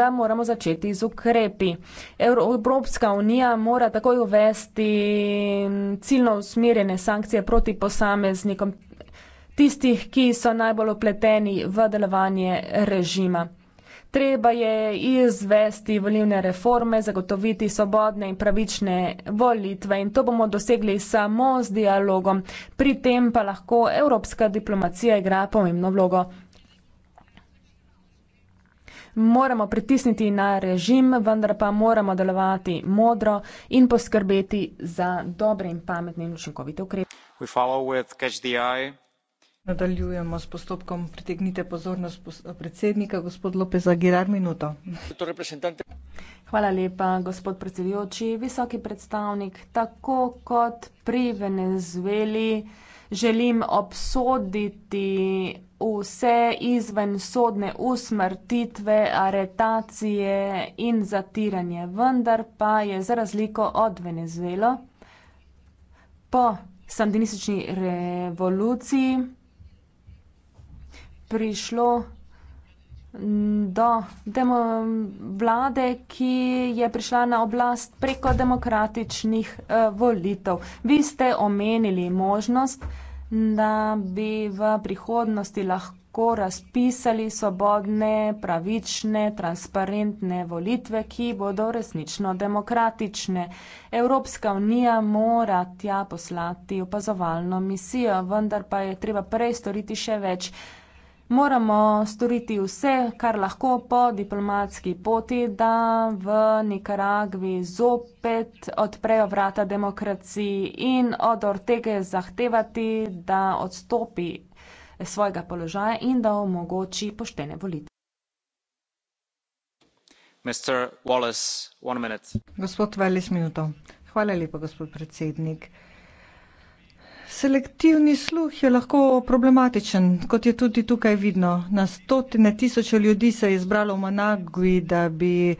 da moramo začeti z ukrepi. Evropska unija mora takoj uvesti ciljno usmerjene sankcije proti posameznikom tistih, ki so najbolj opleteni v delovanje režima. Treba je izvesti volivne reforme, zagotoviti svobodne in pravične volitve in to bomo dosegli samo z dialogom. Pri tem pa lahko evropska diplomacija igra pomembno vlogo moramo pritisniti na režim, vendar pa moramo delovati modro in poskrbeti za dobre in pametne in učinkovite ukrepe. Nadaljujemo s postopkom. Pritegnite pozornost predsednika, gospod Lopez Aguilar, minuto. Hvala lepa, gospod predsedujoči. Visoki predstavnik, tako kot pri Venezueli želim obsoditi vse izvensodne usmrtitve, aretacije in zatiranje, vendar pa je za razliko od Venezuelo po sandinistični revoluciji prišlo do demo vlade, ki je prišla na oblast preko demokratičnih eh, volitev. Vi ste omenili možnost, da bi v prihodnosti lahko razpisali svobodne, pravične, transparentne volitve, ki bodo resnično demokratične. Evropska unija mora tja poslati opazovalno misijo, vendar pa je treba prej storiti še več moramo storiti vse, kar lahko po diplomatski poti, da v Nikaragvi zopet odprejo vrata demokraciji in od Ortege zahtevati, da odstopi svojega položaja in da omogoči poštene volitve. Gospod Veles, minuto. Hvala lepa, gospod predsednik. Selektivni sluh je lahko problematičen, kot je tudi tukaj vidno. Na stotine tisoče ljudi se je izbralo v Managvi, da bi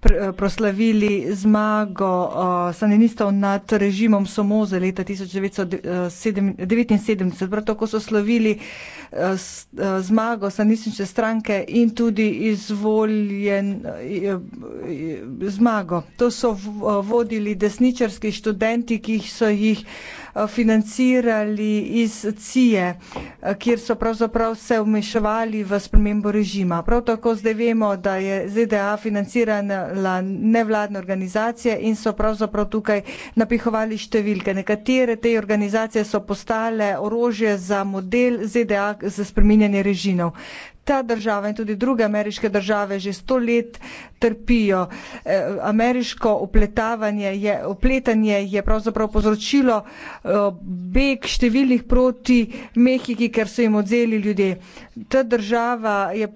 pr proslavili zmago uh, saninistov nad režimom Somoze leta 1979. Eh, Prav tako so slavili uh, uh, zmago saninistične stranke in tudi izvoljen uh, uh, zmago. To so v, uh, vodili desničarski študenti, ki so jih uh, financirali iz CIE, kjer so pravzaprav se vmešavali v spremembo režima. Prav tako zdaj vemo, da je ZDA financirala nevladne organizacije in so pravzaprav tukaj napihovali številke. Nekatere te organizacije so postale orožje za model ZDA za spreminjanje režimov ta država in tudi druge ameriške države že sto let trpijo. E, ameriško upletavanje je, upletanje je pravzaprav povzročilo e, beg številnih proti Mehiki, ker so jim odzeli ljudje. Ta država je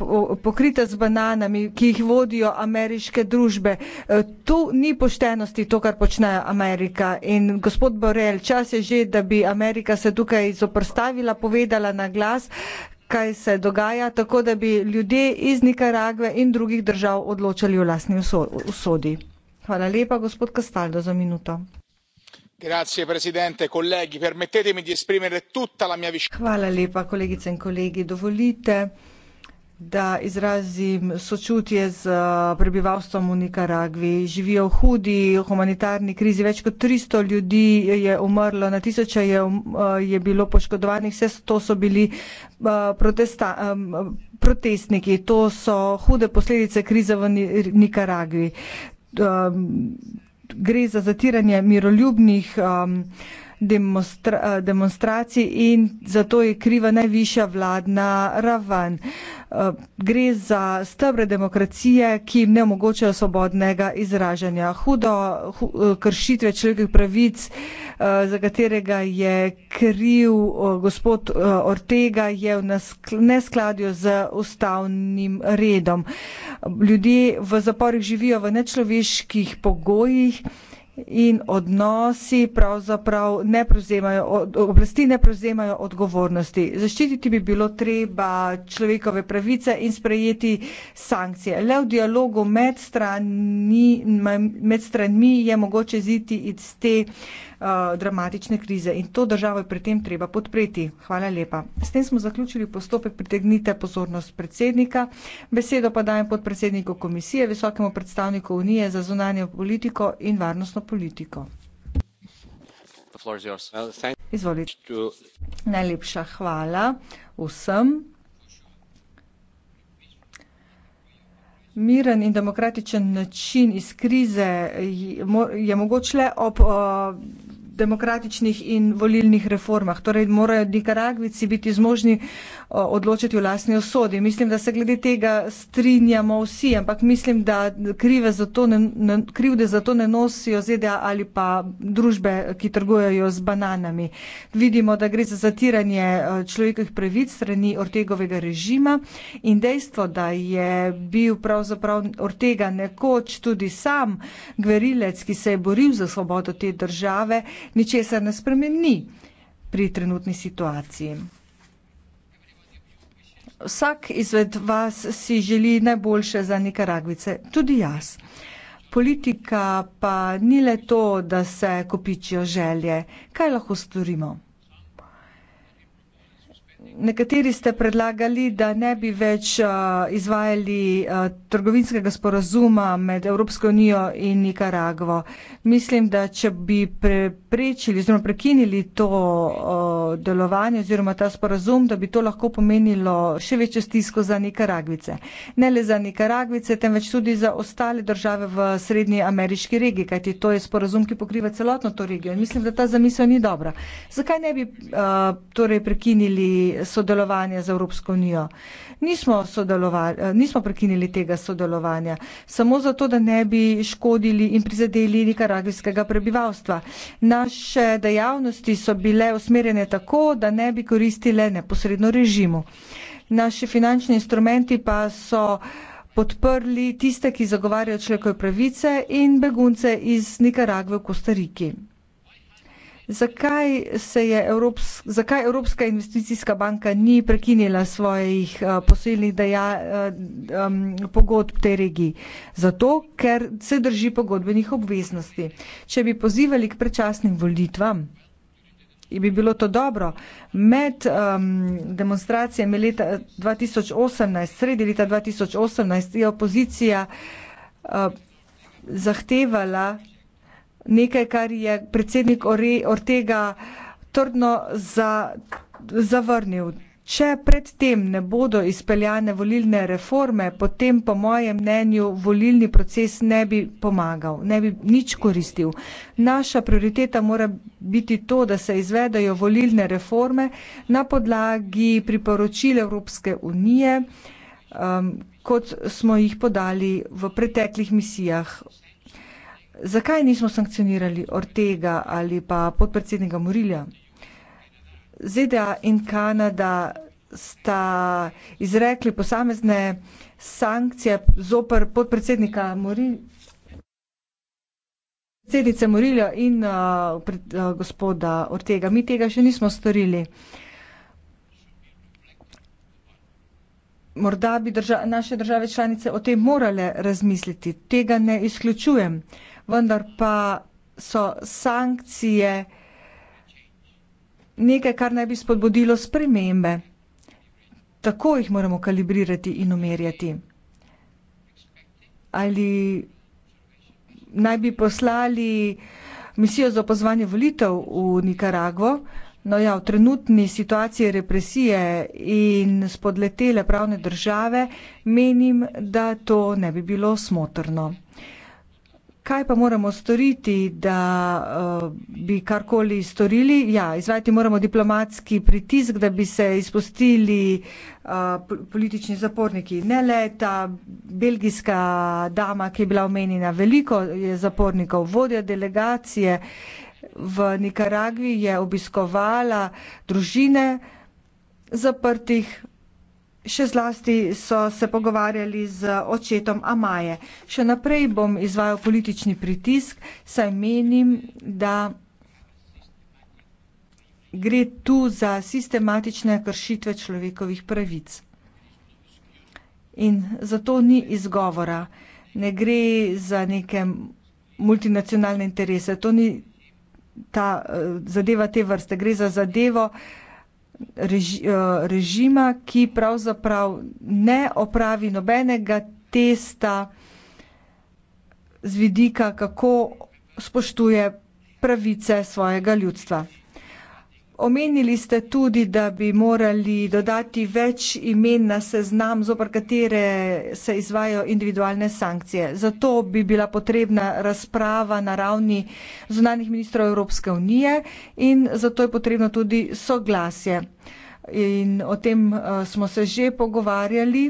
pokrita z bananami, ki jih vodijo ameriške družbe. E, to ni poštenosti, to, kar počne Amerika. In gospod Borel, čas je že, da bi Amerika se tukaj zoprstavila, povedala na glas, kaj se dogaja, tako da bi ljudje iz Nikaragve in drugih držav odločali o lastni usodi. Hvala lepa, gospod Kastaldo, za minuto. Grazie, presidente, kolegi, permettetemi di esprimere tutta la mia vicinanza. Hvala lepa, kolegice in kolegi, dovolite da izrazim sočutje z eh, prebivalstvom v Nikaragvi. Živijo v hudi humanitarni krizi, več kot 300 ljudi je umrlo, na tisoče je, um, eh, je bilo poškodovanih, vse to so bili eh, protesta, protestniki, to so hude posledice krize v Nikaragvi. Gre za zatiranje miroljubnih demonstra eh, demonstracij in zato je kriva najvišja vladna raven. Eh, gre za stebre demokracije, ki jim ne omogočajo svobodnega izražanja. Hudo hu, eh, kršitve človekovih pravic, za katerega je kriv gospod Ortega, je v neskladju z ustavnim redom. Ljudje v zaporih živijo v nečloveških pogojih in odnosi pravzaprav ne prevzemajo, oblasti ne prevzemajo odgovornosti. Zaščititi bi bilo treba človekove pravice in sprejeti sankcije. Le v dialogu med, strani, med stranmi je mogoče ziti iz te uh, Eh, dramatične krize in to državo je pri tem treba podpreti. Hvala lepa. S tem smo zaključili postopek pritegnite pozornost predsednika. Besedo pa dajem podpredsedniku komisije, visokemu predstavniku Unije za zunanje politiko in varnostno politiko. Izvolite. Najlepša hvala vsem. Miren in demokratičen način iz krize je mogoč le ob uh, demokratičnih in volilnih reformah. Torej, morajo Nikaragvici biti zmožni odločiti o lastni osodi. Mislim, da se glede tega strinjamo vsi, ampak mislim, da za ne, ne, krivde za to ne nosijo ZDA ali pa družbe, ki trgujejo z bananami. Vidimo, da gre za zatiranje e, človekovih pravic strani Ortegovega režima in dejstvo, da je bil pravzaprav Ortega nekoč tudi sam gverilec, ki se je boril za svobodo te države, ničesar ne spremeni pri trenutni situaciji. Vsak izved vas si želi najboljše za Nikaragvice, tudi jaz. Politika pa ni le to, da se kopičijo želje. Kaj lahko storimo? Nekateri ste predlagali, da ne bi več uh, izvajali uh, trgovinskega sporazuma med Evropsko unijo in Nikaragvo. Mislim, da če bi preprečili oziroma prekinili to uh, delovanje oziroma ta sporazum, da bi to lahko pomenilo še večjo stisko za Nikaragvice. Ne le za Nikaragvice, temveč tudi za ostale države v srednji ameriški regiji, kajti to je sporazum, ki pokriva celotno to regijo. In mislim, da ta zamisel ni dobra. Zakaj ne bi torej prekinili? sodelovanja z Evropsko unijo. Nismo, nismo prekinili tega sodelovanja, samo zato, da ne bi škodili in prizadeli nikaragvijskega prebivalstva. Naše dejavnosti so bile usmerjene tako, da ne bi koristile neposredno režimu. Naši finančni instrumenti pa so podprli tiste, ki zagovarjajo človekove pravice in begunce iz Nikaragve v Kostariki. Zakaj, se je Evrops, zakaj Evropska investicijska banka ni prekinila svojih uh, eh, posebnih uh, eh, um, pogodb tej regiji? Zato, ker se drži pogodbenih obveznosti. Če bi pozivali k predčasnim volitvam, bi bilo to dobro. Med um, demonstracijami leta 2018, sredi leta 2018, je opozicija uh, zahtevala nekaj, kar je predsednik Ortega trdno za, zavrnil. Če predtem ne bodo izpeljane volilne reforme, potem po mojem mnenju volilni proces ne bi pomagal, ne bi nič koristil. Naša prioriteta mora biti to, da se izvedajo volilne reforme na podlagi priporočil Evropske unije, um, kot smo jih podali v preteklih misijah Zakaj nismo sankcionirali Ortega ali pa podpredsednika Morilja? ZDA in Kanada sta izrekli posamezne sankcije zoper podpredsednika Morilja, predsednice Morilja in uh, pred, uh, gospoda Ortega. Mi tega še nismo storili. Morda bi drža naše države članice o tem morale razmisliti. Tega ne izključujem. Uh, vendar pa so sankcije nekaj, kar naj bi spodbudilo spremembe. Tako jih moramo kalibrirati in umerjati. Ali naj bi poslali misijo za opozvanje volitev v Nikaragvo, no ja, v trenutni situaciji represije in spodletele pravne države, menim, da to ne bi bilo smotrno kaj pa moramo storiti, da uh, bi karkoli storili? Ja, izvajati moramo diplomatski pritisk, da bi se izpustili uh, politični zaporniki. Ne le ta belgijska dama, ki je bila omenjena, veliko je zapornikov, vodja delegacije v Nikaragvi je obiskovala družine zaprtih Še zlasti so se pogovarjali z očetom Amaje. Še naprej bom izvajal politični pritisk, saj menim, da gre tu za sistematične kršitve človekovih pravic. In zato ni izgovora, ne gre za neke multinacionalne interese, to ni ta eh, zadeva te vrste, gre za zadevo, reži, eh, režima, ki pravzaprav ne opravi nobenega testa z vidika, kako spoštuje pravice svojega ljudstva. Omenili ste tudi, da bi morali dodati več imen na seznam, zopr katere se izvajo individualne sankcije. Zato bi bila potrebna razprava na ravni zunanih ministrov Evropske unije in zato je potrebno tudi soglasje. In o tem eh, smo se že pogovarjali.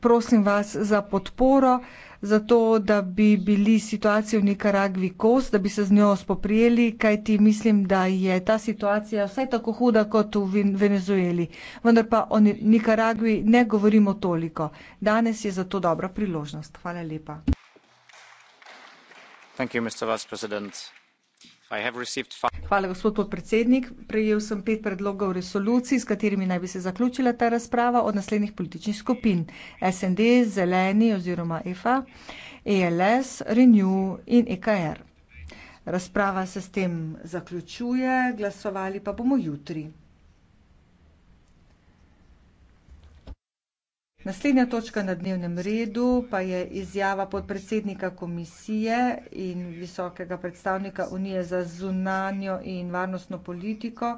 Prosim vas za podporo zato da bi bili situacijo v Nikaragvi kos, da bi se z njo spoprijeli, kajti mislim, da je ta situacija vsaj tako huda kot v Venezueli. Vendar pa o Nikaragvi ne govorimo toliko. Danes je zato dobra priložnost. Hvala lepa. Thank you, Mr. Vice President. Hvala, gospod podpredsednik. Prejel sem pet predlogov resolucij, s katerimi naj bi se zaključila ta razprava od naslednjih političnih skupin. SND, Zeleni oziroma EFA, ELS, Renew in EKR. Razprava se s tem zaključuje, glasovali pa bomo jutri. Naslednja točka na dnevnem redu pa je izjava podpredsednika komisije in visokega predstavnika Unije za zunanjo in varnostno politiko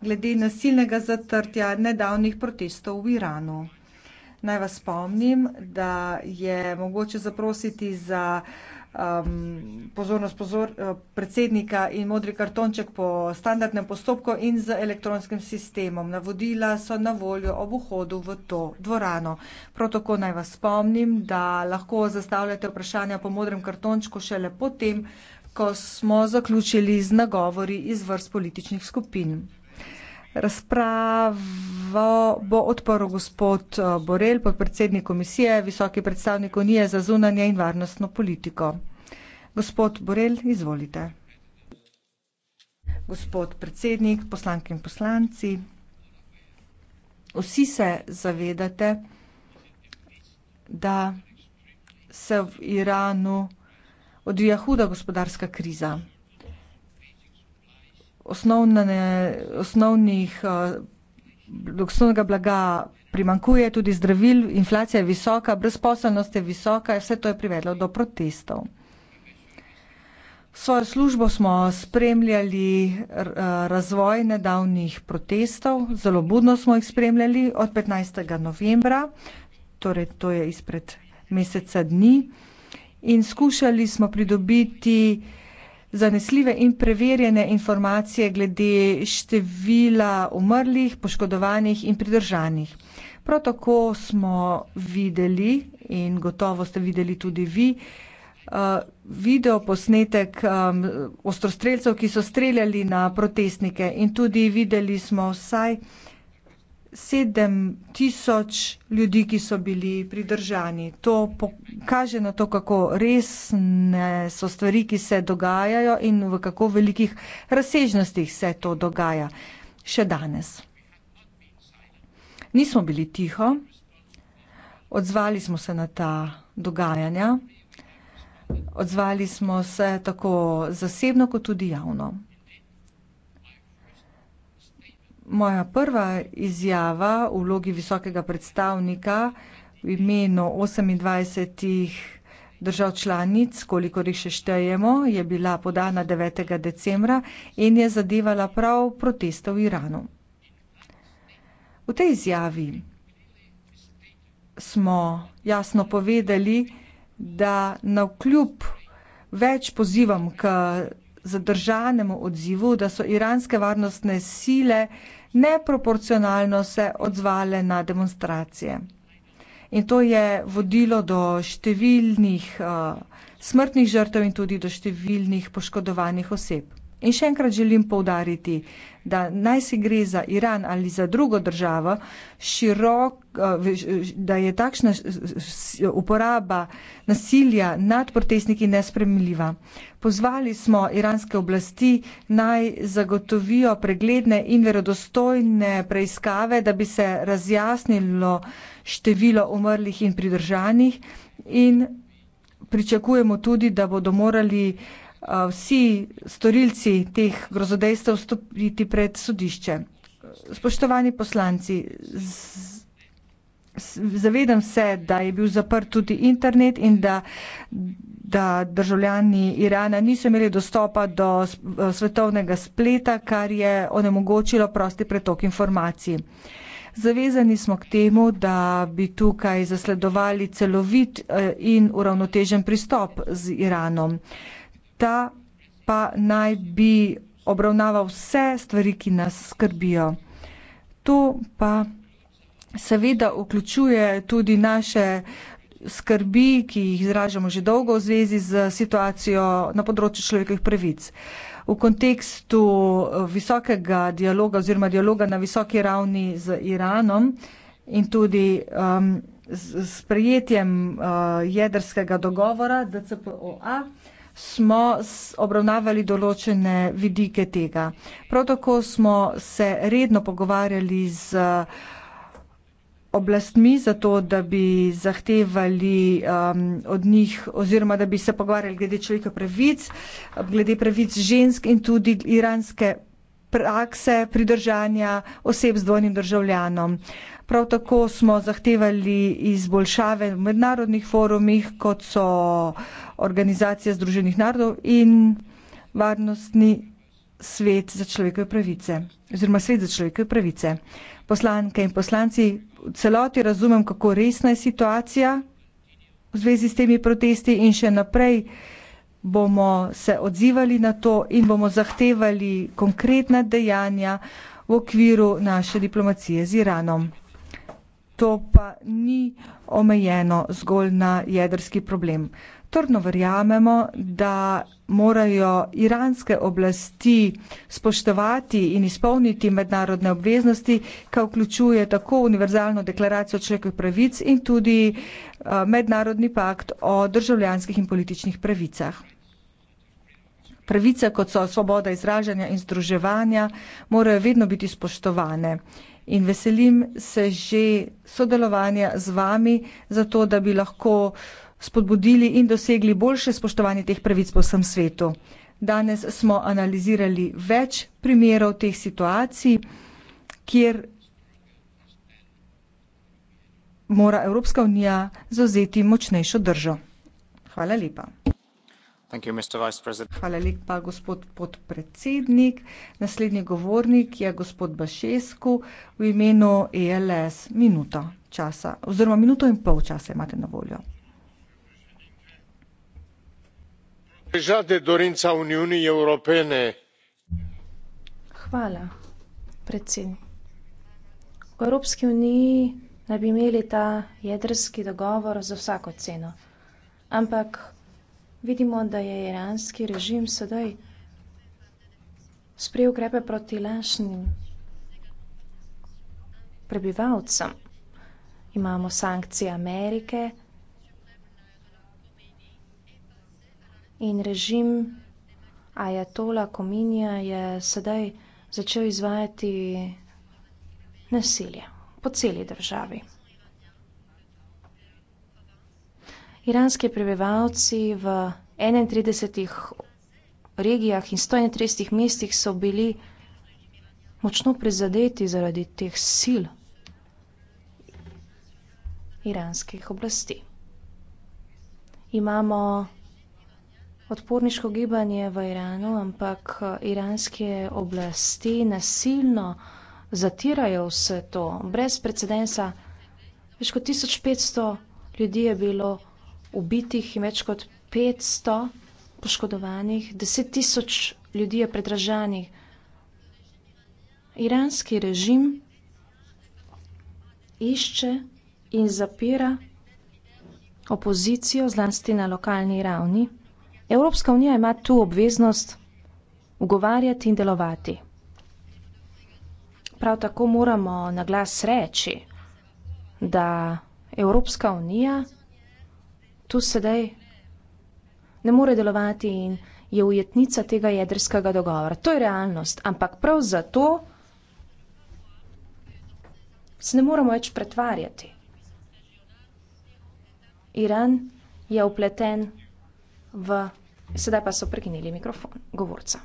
glede nasilnega zatrtja nedavnih protestov v Iranu. Naj vas spomnim, da je mogoče zaprositi za um, pozornost pozor, eh, predsednika in modri kartonček po standardnem postopku in z elektronskim sistemom. Navodila so na voljo ob vhodu v to dvorano. Protoko naj vas spomnim, da lahko zastavljate vprašanja po modrem kartončku šele potem, ko smo zaključili z nagovori iz vrst političnih skupin. Razpravo bo odporil gospod eh, Borel, podpredsednik komisije, visoki predstavnik Unije za zunanje in varnostno politiko. Gospod Borel, izvolite. Gospod predsednik, poslanke in poslanci, vsi se zavedate, da se v Iranu odvija huda gospodarska kriza osnovne, osnovnih, eh, osnovnega blaga primankuje, tudi zdravil, inflacija je visoka, brezposelnost je visoka, vse to je privedlo do protestov. Svojo službo smo spremljali eh, razvoj nedavnih protestov, zelo budno smo jih spremljali od 15. novembra, torej to je izpred meseca dni, in skušali smo pridobiti zanesljive in preverjene informacije glede števila umrlih, poškodovanih in pridržanih. Prav tako smo videli in gotovo ste videli tudi vi uh, video posnetek um, ostrostrelcev, ki so streljali na protestnike in tudi videli smo vsaj sedem tisoč ljudi, ki so bili pridržani. To kaže na to, kako resne so stvari, ki se dogajajo in v kako velikih razsežnostih se to dogaja še danes. Nismo bili tiho, odzvali smo se na ta dogajanja, odzvali smo se tako zasebno kot tudi javno moja prva izjava v vlogi visokega predstavnika v imenu 28 držav članic, koliko jih še štejemo, je bila podana 9. decembra in je zadevala prav proteste v Iranu. V tej izjavi smo jasno povedali, da na vkljub več pozivam k zadržanemu odzivu, da so iranske varnostne sile neproporcionalno se odzvale na demonstracije. In to je vodilo do številnih uh, smrtnih žrtev in tudi do številnih poškodovanih oseb. In še enkrat želim povdariti, da naj si gre za Iran ali za drugo državo, širok, eh, da je takšna uporaba nasilja nad protestniki nespremljiva. Pozvali smo iranske oblasti naj zagotovijo pregledne in verodostojne preiskave, da bi se razjasnilo število umrlih in pridržanih in pričakujemo tudi, da bodo morali vsi storilci teh grozodejstev stopiti pred sodišče. Spoštovani poslanci, zavedam se, da je bil zaprt tudi internet in da, da državljani Irana niso imeli dostopa do svetovnega spleta, kar je onemogočilo prosti pretok informacij. Zavezani smo k temu, da bi tukaj zasledovali celovit in uravnotežen pristop z Iranom ta pa naj bi obravnaval vse stvari, ki nas skrbijo. To pa seveda vključuje tudi naše skrbi, ki jih izražamo že dolgo v zvezi z situacijo na področju človekovih pravic. V kontekstu eh, visokega dialoga oziroma dialoga na visoki ravni z Iranom in tudi um, s sprejetjem uh, jedrskega dogovora DCPOA, smo obravnavali določene vidike tega. Prav tako smo se redno pogovarjali z eh, oblastmi za to, da bi zahtevali um, od njih oziroma da bi se pogovarjali glede človeka pravic, glede pravic žensk in tudi iranske prakse pridržanja oseb z dvojnim državljanom. Prav tako smo zahtevali izboljšave v mednarodnih forumih, kot so uh, organizacija Združenih narodov in varnostni svet za človekove pravice oziroma svet za človekove pravice. Poslanke in poslanci, v celoti razumem, kako resna je situacija v zvezi s temi protesti in še naprej bomo se odzivali na to in bomo zahtevali konkretna dejanja v okviru naše diplomacije z Iranom. To pa ni omejeno zgolj na jedrski problem trdno verjamemo, da morajo iranske oblasti spoštovati in izpolniti mednarodne obveznosti, ki vključuje tako univerzalno deklaracijo človekovih pravic in tudi eh, mednarodni pakt o državljanskih in političnih pravicah. Pravice, kot so svoboda izražanja in združevanja, morajo vedno biti spoštovane. In veselim se že sodelovanja z vami, zato da bi lahko uh, spodbudili in dosegli boljše spoštovanje teh pravic po vsem svetu. Danes smo analizirali več primerov teh situacij, kjer mora Evropska unija zavzeti močnejšo držo. Hvala lepa. Hvala lepa, gospod podpredsednik. Naslednji govornik je gospod Bašescu v imenu ELS. Minuto časa oziroma minuto in pol časa imate na voljo. Hvala, predsednik. V Evropski uniji naj bi imeli ta jedrski dogovor za vsako ceno. Ampak vidimo, da je iranski režim sedaj sprejel ukrepe proti lažnim prebivalcem. Imamo sankcije Amerike, In režim Ajatola Kominija je sedaj začel izvajati nasilje po celi državi. Iranski prebivalci v 31 regijah in 131 mestih so bili močno prizadeti zaradi teh sil iranskih oblasti. Imamo odporniško gibanje v Iranu, ampak eh, iranske oblasti nasilno zatirajo vse to. Brez precedensa, več kot 1500 ljudi je bilo ubitih in več kot 500 poškodovanih, 10 tisoč ljudi je predražanih. Iranski režim išče in zapira opozicijo, zlasti na lokalni ravni. Evropska unija ima tu obveznost ugovarjati in delovati. Prav tako moramo na glas reči, da Evropska unija tu sedaj ne more delovati in je ujetnica tega jedrskega dogovora. To je realnost, ampak prav zato se ne moramo več pretvarjati. Iran je upleten v. Sedaj pa so prekinili mikrofon govorca.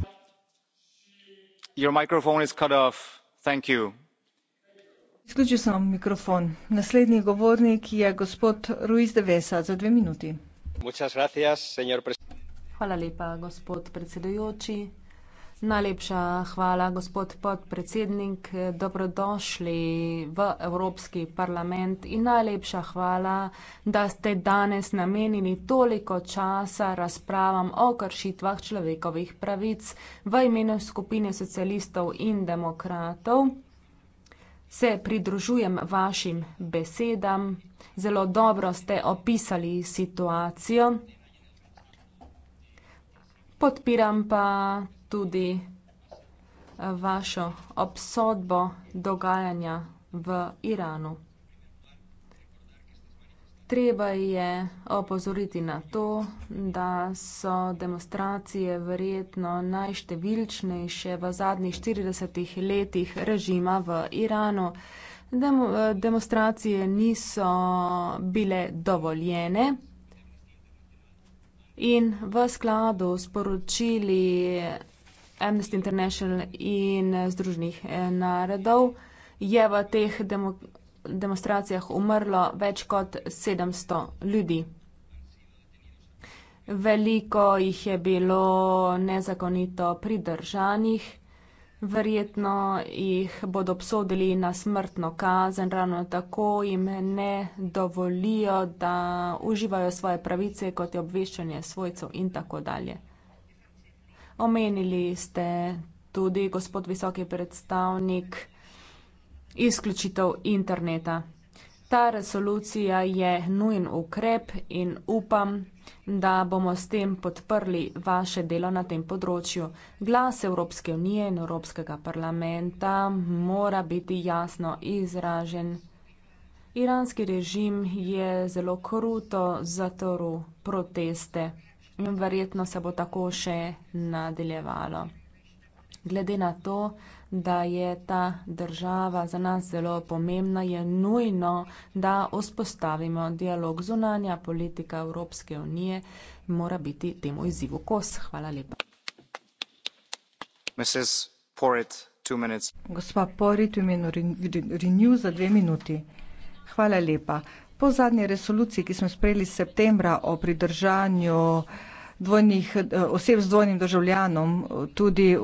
Izključil sem mikrofon. Naslednji govornik je gospod Ruiz de Vesa za dve minuti. Hvala lepa, gospod predsedujoči. Najlepša hvala, gospod podpredsednik. Dobrodošli v Evropski parlament in najlepša hvala, da ste danes namenili toliko časa razpravam o kršitvah človekovih pravic v imenu skupine socialistov in demokratov. Se pridružujem vašim besedam. Zelo dobro ste opisali situacijo. Podpiram pa tudi eh, vašo obsodbo dogajanja v Iranu. Treba je opozoriti na to, da so demonstracije verjetno najštevilčnejše v zadnjih 40 letih režima v Iranu. Demo demonstracije niso bile dovoljene in v skladu s poročili Amnesty International in eh, Združenih eh, narodov je v teh demo demonstracijah umrlo več kot 700 ljudi. Veliko jih je bilo nezakonito pridržanih, verjetno jih bodo obsodili na smrtno kazen, ravno tako jim ne dovolijo, da uživajo svoje pravice, kot je obveščanje svojcev in tako dalje. Omenili ste tudi, gospod visoki predstavnik, izključitev interneta. Ta resolucija je nujen ukrep in upam, da bomo s tem podprli vaše delo na tem področju. Glas Evropske unije in Evropskega parlamenta mora biti jasno izražen. Iranski režim je zelo kruto zatoru proteste in verjetno se bo tako še nadaljevalo. Glede na to, da je ta država za nas zelo pomembna, je nujno, da vzpostavimo dialog zunanja politika Evropske unije, mora biti temu izzivu kos. Hvala lepa. Gospa Porit, v imenu Renew za dve minuti. Hvala lepa. Po zadnji resoluciji, ki smo sprejeli septembra o pridržanju dvojnih, eh, oseb z dvojnim državljanom, tudi, eh,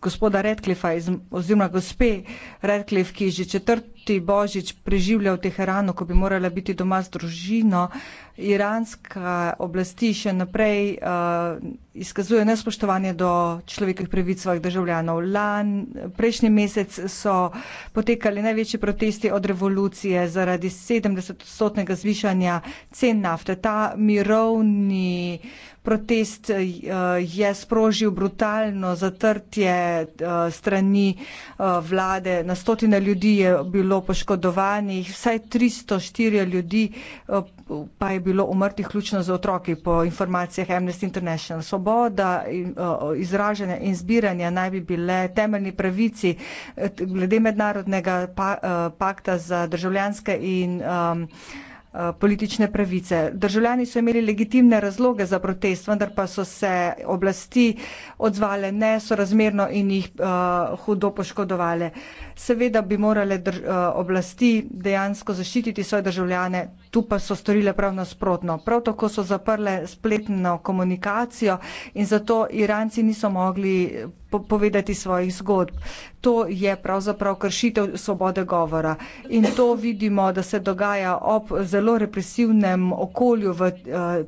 gospoda Radcliffa iz, oziroma gospe Radcliff, ki že četrti božič preživlja v Teheranu, ko bi morala biti doma z družino, iranska oblasti še naprej, eh, izkazuje nespoštovanje do človekovih pravic svojih državljanov. Lan, prejšnji mesec so potekali največji protesti od revolucije zaradi 70-odstotnega zvišanja cen nafte. Ta mirovni protest eh, je sprožil brutalno zatrtje eh, strani eh, vlade. Na stotine ljudi je bilo poškodovanih, vsaj 304 ljudi pa je bilo umrtih ključno za otroki po informacijah Amnesty International. Svoboda izražanja in zbiranja naj bi bile temeljni pravici glede mednarodnega pakta za državljanske in um, Eh, politične pravice. Državljani so imeli legitimne razloge za protest, vendar pa so se oblasti odzvale nesorazmerno in jih uh, hudo poškodovale. Seveda bi morale drž, uh, oblasti dejansko zaščititi svoje državljane, tu pa so storile prav nasprotno. Prav tako so zaprle spletno komunikacijo in zato Iranci niso mogli po povedati svojih zgodb to je pravzaprav kršitev svobode govora. In to vidimo, da se dogaja ob zelo represivnem okolju v uh,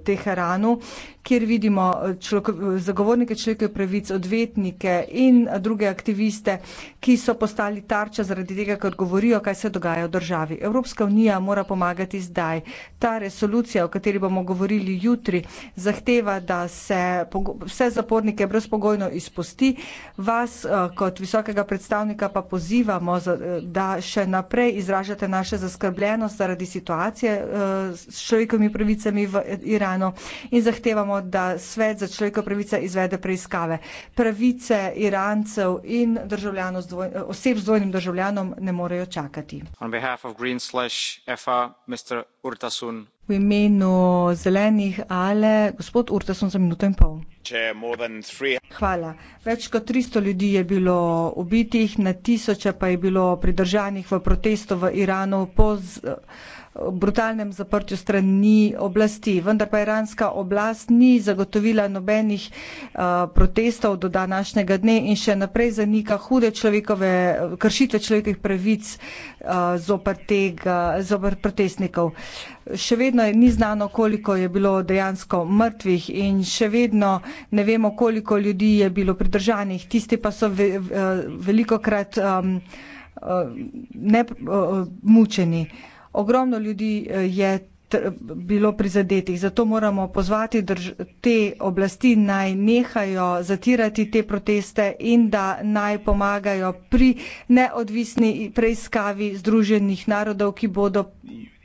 Teheranu kjer vidimo eh, človek, eh, zagovornike človekovih pravic, odvetnike in eh, druge aktiviste, ki so postali tarča zaradi tega, ker govorijo, kaj se dogaja v državi. Evropska unija mora pomagati zdaj. Ta resolucija, o kateri bomo govorili jutri, zahteva, da se vse zapornike brezpogojno izpusti. Vas kot visokega predstavnika pa pozivamo, da še naprej izražate naše zaskrbljenost zaradi situacije s človekovimi pravicami v Iranu in zahtevamo, samo, da svet za človeka pravica izvede preiskave. Pravice Irancev in državljanov z dvoj, oseb z dvojnim državljanom ne morejo čakati. V imenu zelenih ale, gospod Urteson za minuto in pol. Hvala. Več kot 300 ljudi je bilo ubitih, na tisoče pa je bilo pridržanih v protestu v Iranu po z, brutalnem zaprtju strani oblasti. Vendar pa iranska oblast ni zagotovila nobenih uh, protestov do današnjega dne in še naprej zanika hude človekove, kršitve človekovih pravic uh, eh, zopr tega, zopr protestnikov. Še vedno vedno ni znano, koliko je bilo dejansko mrtvih in še vedno ne vemo, koliko ljudi je bilo pridržanih. Tisti pa so eh, veliko krat um, eh, ne, uh, mučeni. Ogromno ljudi je bilo prizadetih. Zato moramo pozvati te oblasti naj nehajo zatirati te proteste in da naj pomagajo pri neodvisni preiskavi Združenih narodov, ki bodo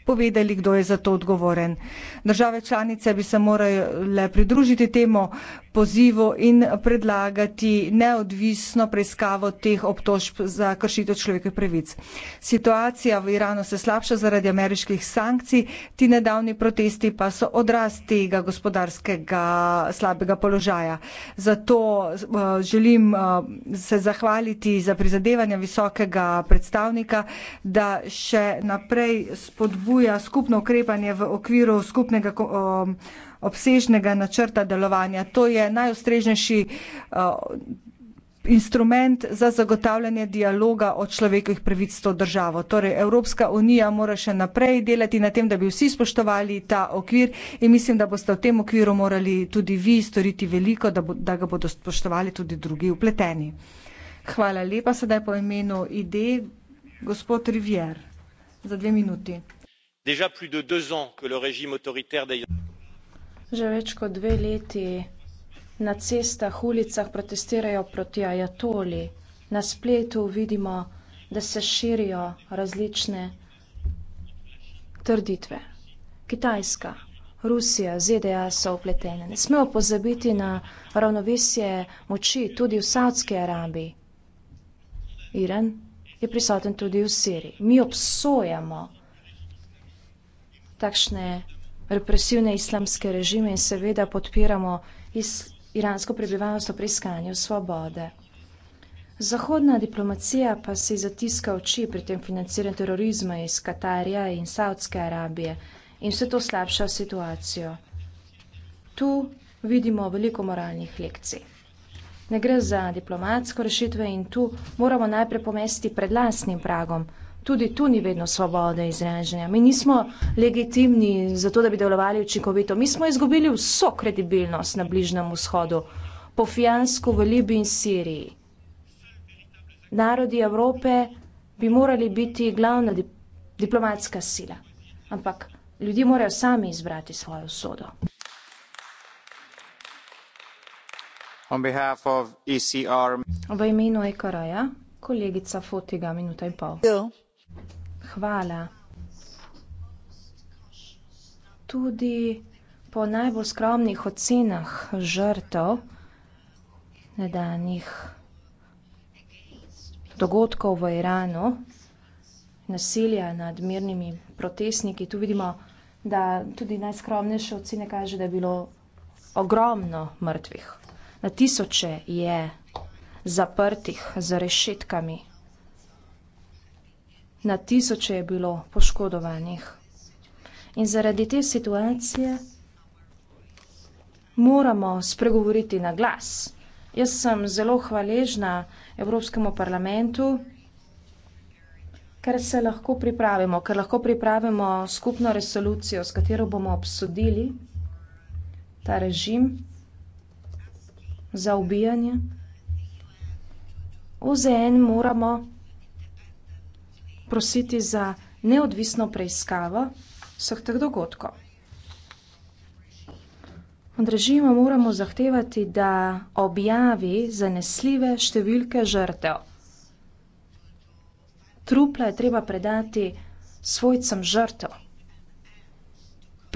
povedali, kdo je za to odgovoren. Države članice bi se morale pridružiti temu, pozivu in predlagati neodvisno preiskavo teh obtožb za kršitev človekovih pravic. Situacija v Iranu se slabša zaradi ameriških sankcij, ti nedavni protesti pa so odraz tega gospodarskega slabega položaja. Zato eh, želim eh, se zahvaliti za prizadevanja visokega predstavnika, da še naprej spodbuja skupno ukrepanje v okviru skupnega. Eh, obsežnega načrta delovanja. To je najustrežnejši eh, instrument za zagotavljanje dialoga o človekovih pravic s to državo. Torej, Evropska unija mora še naprej delati na tem, da bi vsi spoštovali ta okvir in mislim, da boste v tem okviru morali tudi vi storiti veliko, da, bo, da ga bodo spoštovali tudi drugi upleteni. Hvala lepa. Sedaj po imenu ID, gospod Rivier, za dve minuti. Deja plus de deux ans que le régime autoritaire d'ailleurs. Že več kot dve leti na cestah, ulicah protestirajo proti ajatoli. Na spletu vidimo, da se širijo različne trditve. Kitajska, Rusija, ZDA so upletene. Ne smemo pozabiti na ravnovesje moči tudi v Saudski Arabiji. Iran je prisoten tudi v Siriji. Mi obsojamo takšne represivne islamske režime in seveda podpiramo is, iransko prebivalstvo pri iskanju svobode. Zahodna diplomacija pa si zatiska oči pri tem financiranju terorizma iz Katarja in Saudske Arabije in vse to slabša situacijo. Tu vidimo veliko moralnih lekcij. Ne gre za diplomatsko rešitve in tu moramo najprej pomesti pred lasnim pragom, tudi tu ni vedno svobode izraženja. Mi nismo legitimni za to, da bi delovali učinkovito. Mi smo izgubili vso kredibilnost na Bližnem vzhodu, po Fijansku, v Libiji in Siriji. Narodi Evrope bi morali biti glavna dip diplomatska sila, ampak ljudi morajo sami izbrati svojo sodo. ECR... E v imenu ECR-ja, kolegica Fotiga, minuta in pol. Yeah hvala. Tudi po najbolj skromnih ocenah žrtev nedavnih dogodkov v Iranu, nasilja nad mirnimi protestniki, tu vidimo, da tudi najskromnejše ocene kaže, da je bilo ogromno mrtvih. Na tisoče je zaprtih za rešetkami. Na tisoče je bilo poškodovanih. In zaradi te situacije moramo spregovoriti na glas. Jaz sem zelo hvaležna Evropskemu parlamentu, ker se lahko pripravimo, ker lahko pripravimo skupno resolucijo, s katero bomo obsodili ta režim za ubijanje. OZN moramo prositi za neodvisno preiskavo vseh teh dogodkov. Od režima moramo zahtevati, da objavi zanesljive številke žrtev. Trupla je treba predati svojcem žrtev.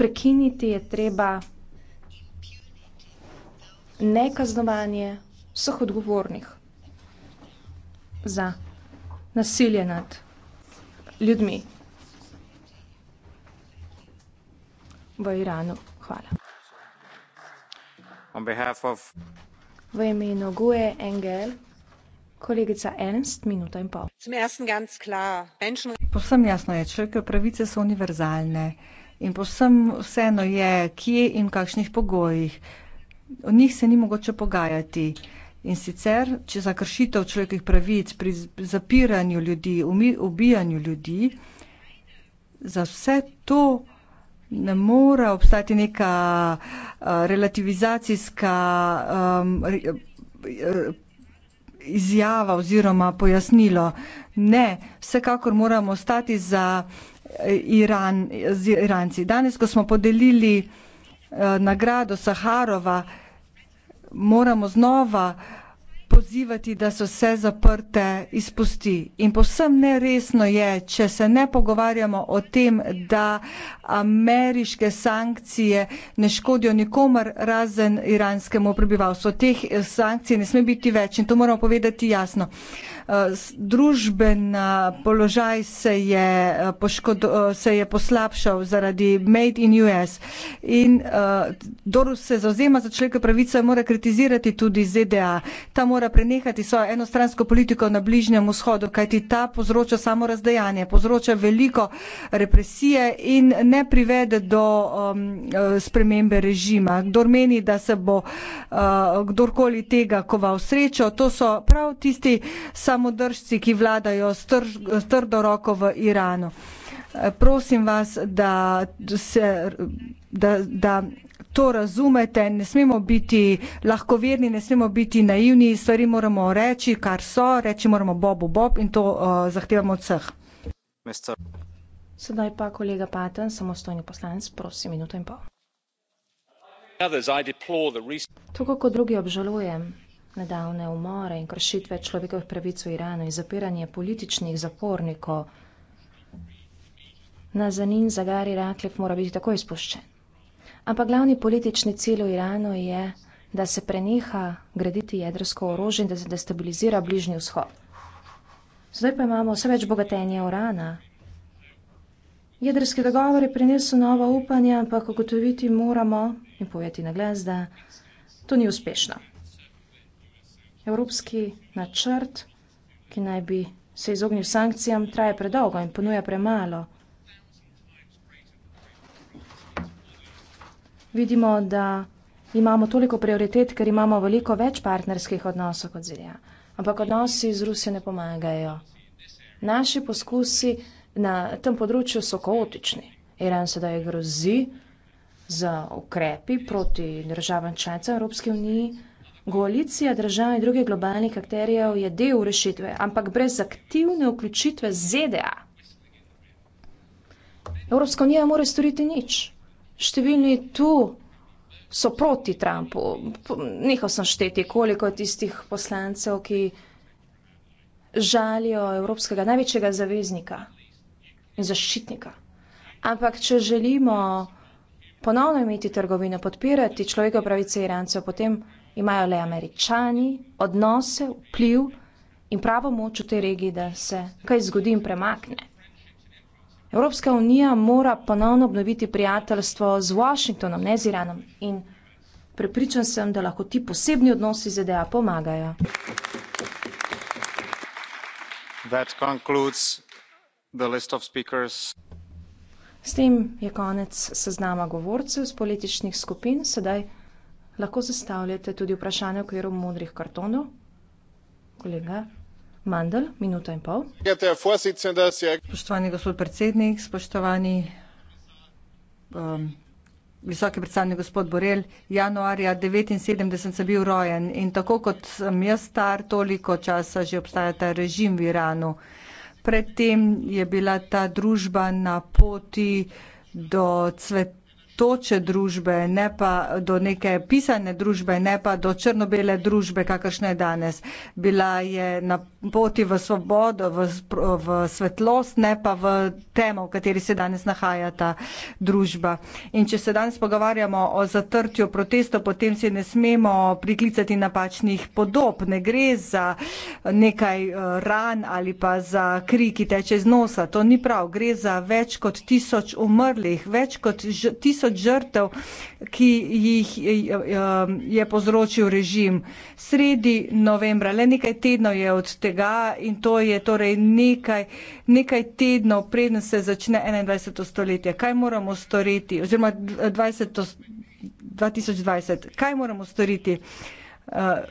Prekiniti je treba nekaznovanje vseh odgovornih za nasilje nad ljudmi. V Iranu. Hvala. V imenu GUE NGL, kolegica Ernst, minuta in pol. Povsem jasno je, človekove pravice so univerzalne in povsem vseeno je, kje in v kakšnih pogojih. O njih se ni mogoče pogajati. In sicer, če za kršitev človekovih pravic pri zapiranju ljudi, ubijanju ljudi, za vse to ne more obstati neka uh, relativizacijska um, izjava oziroma pojasnilo. Ne, vsekakor moramo ostati za e, Iran, z Iranci. Danes, ko smo podelili uh, nagrado Saharova, moramo znova pozivati, da so vse zaprte izpusti. In povsem neresno je, če se ne pogovarjamo o tem, da ameriške sankcije ne škodijo nikomor razen iranskemu prebivalstvu. Teh sankcij ne sme biti več in to moramo povedati jasno. Uh, Eh, družben eh, položaj se je, eh, poškodo, se je poslabšal zaradi Made in US. In uh, Dorus se zauzema za človekove pravice, mora kritizirati tudi ZDA. Ta mora prenehati svojo enostransko politiko na Bližnjem vzhodu, kajti ta povzroča samo razdajanje, povzroča veliko represije in ne privede do um, spremembe režima. Kdor meni, da se bo uh, kdorkoli tega koval srečo, to so prav tisti, samodržci, ki vladajo s trdo roko v Iranu. Eh, prosim vas, da, se, da, da to razumete. Ne smemo biti lahkoverni, ne smemo biti naivni. Stvari moramo reči, kar so. Reči moramo bobu bob in to uh, eh, zahtevamo od vseh. Mister. Sedaj pa kolega Paten, samostojni poslanec, prosim, minuto in pol. Tako kot drugi obžalujem nedavne umore in kršitve človekovih pravic v Iranu in zapiranje političnih zapornikov. Nazanin Zagari Raklif mora biti tako izpuščen. Ampak glavni politični cilj v Iranu je, da se preneha graditi jedrsko orožje in da se destabilizira bližnji vzhod. Zdaj pa imamo vse več bogatenja urana. Jedrski dogovor je prinesel nova upanja, ampak ugotoviti moramo in povedati na glas, da to ni uspešno. Evropski načrt, ki naj bi se izognil sankcijam, traje predolgo in ponuja premalo. Vidimo, da imamo toliko prioritet, ker imamo veliko več partnerskih odnosov kot zelja. Ampak odnosi z Rusijo ne pomagajo. Naši poskusi na tem področju so kaotični. Iran se daje grozi za ukrepi proti državam članicam Evropske unije. Koalicija držav in druge globalnih akterjev je del rešitve, ampak brez aktivne vključitve ZDA. Evropska unija ne more storiti nič. Številni tu so proti Trumpu. Nehal sem šteti, koliko tistih poslancev, ki žalijo evropskega največjega zaveznika in zaščitnika. Ampak, če želimo ponovno imeti trgovino, podpirati človekove pravice Irancev, potem imajo le američani, odnose, vpliv in pravo moč v tej regiji, da se kaj zgodi in premakne. Evropska unija mora ponovno obnoviti prijateljstvo z Washingtonom, ne z Iranom in prepričan sem, da lahko ti posebni odnosi z EDA pomagajo. S tem je konec seznama govorcev iz političnih skupin, sedaj Lahko zastavljate tudi vprašanje v okviru modrih kartonov. Kolega Mandel, minuta in pol. Spoštovani gospod predsednik, spoštovani um, visoki predstavnik gospod Borel, januarja 1979 sem bil rojen in tako kot sem jaz star, toliko časa že obstaja ta režim v Iranu. Predtem je bila ta družba na poti do cveta toče družbe, ne pa do neke pisane družbe, ne pa do črno-bele družbe, kakršna je danes. Bila je na poti v svobodo, v, v svetlost, ne pa v temo, v kateri se danes nahaja ta družba. In če se danes pogovarjamo o zatrtju protestov, potem se ne smemo priklicati napačnih podob. Ne gre za nekaj eh, ran ali pa za kri, ki teče iz nosa. To ni prav. Gre za več kot tisoč umrlih, več kot tisoč tisoč žrtev, ki jih um, je povzročil režim. Sredi novembra, le nekaj tednov je od tega in to je torej nekaj, nekaj tednov, preden se začne 21. stoletje. Kaj moramo storiti? Oziroma 20, 2020. Kaj moramo storiti? Uh,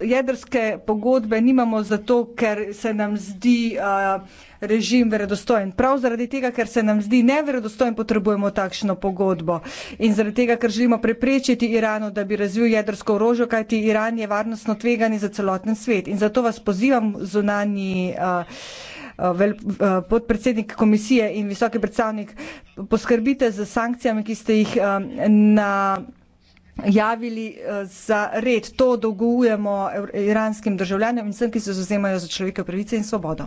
jedrske pogodbe nimamo zato, ker se nam zdi uh, režim verodostojen. Prav zaradi tega, ker se nam zdi neverodostojen, potrebujemo takšno pogodbo. In zaradi tega, ker želimo preprečiti Iranu, da bi razvil jedrsko orožje, kajti Iran je varnostno tvegani za celoten svet. In zato vas pozivam zunani. Uh, Vel, podpredsednik komisije in visoki predstavnik, poskrbite za sankcijami, ki ste jih na javili eh, za red. To dolgujemo iranskim državljanom in vsem, ki se zauzemajo za človeške pravice in svobodo.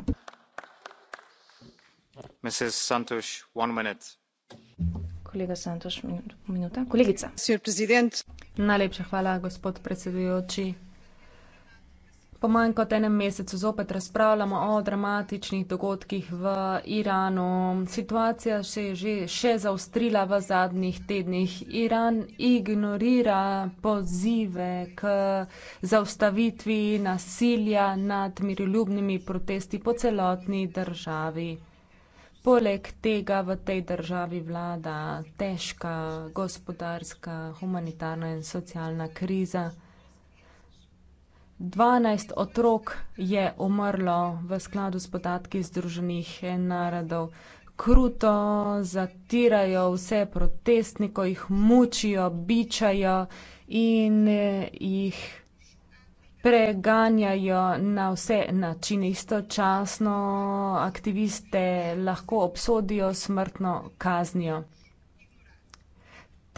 Kolega Santoš, minuta. Kolegica. Najlepša hvala, gospod predsedujoči. Po manj kot enem mesecu zopet razpravljamo o dramatičnih dogodkih v Iranu. Situacija se je že še zaustrila v zadnjih tednih. Iran ignorira pozive k zaustavitvi nasilja nad miroljubnimi protesti po celotni državi. Poleg tega v tej državi vlada težka gospodarska, humanitarna in socialna kriza. 12 otrok je umrlo v skladu s podatki Združenih narodov. Kruto zatirajo vse protestnike, jih mučijo, bičajo in jih preganjajo na vse načine. Istočasno aktiviste lahko obsodijo smrtno kaznijo.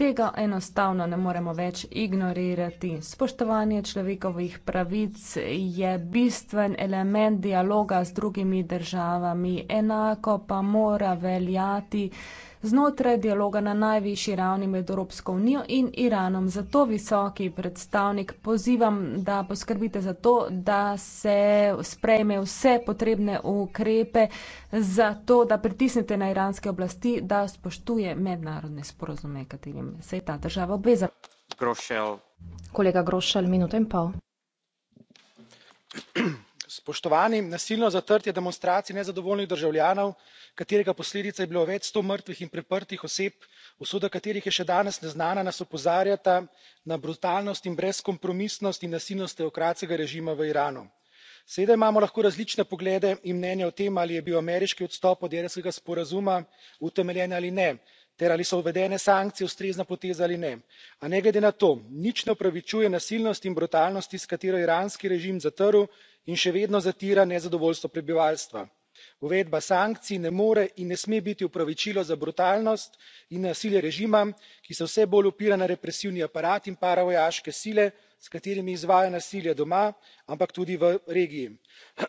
Tega enostavno ne moremo več ignorirati. Spoštovanje človekovih pravic je bistven element dialoga z drugimi državami, enako pa mora veljati znotraj dialoga na najvišji ravni med Evropsko unijo in Iranom. Zato visoki predstavnik pozivam, da poskrbite za to, da se sprejme vse potrebne ukrepe za to, da pritisnete na iranske oblasti, da spoštuje mednarodne sporozume, katerim se je ta država obvezala. Grošel. Kolega Grošel, minuto in pol spoštovani nasilno zatrtje demonstracij nezadovoljnih državljanov katerega posledica je bilo več sto mrtvih in priprtih oseb usoda katerih je še danes neznana nas opozarjata na brutalnost in brezkompromisnost in nasilnost teokratskega režima v iranu. seveda imamo lahko različne poglede in mnenja o tem ali je bil ameriški odstop od jedrskega sporazuma utemeljen ali ne ter ali so uvedene sankcije ustrezna poteza ali ne a ne glede na to nič ne opravičuje nasilnosti in brutalnosti s katero je iranski režim zatrl in še vedno zatira nezadovoljstvo prebivalstva. uvedba sankcij ne more in ne sme biti opravičilo za brutalnost in nasilje režima ki se vse bolj opira na represivni aparat in paravojaške sile s katerimi izvaja nasilje doma ampak tudi v regiji.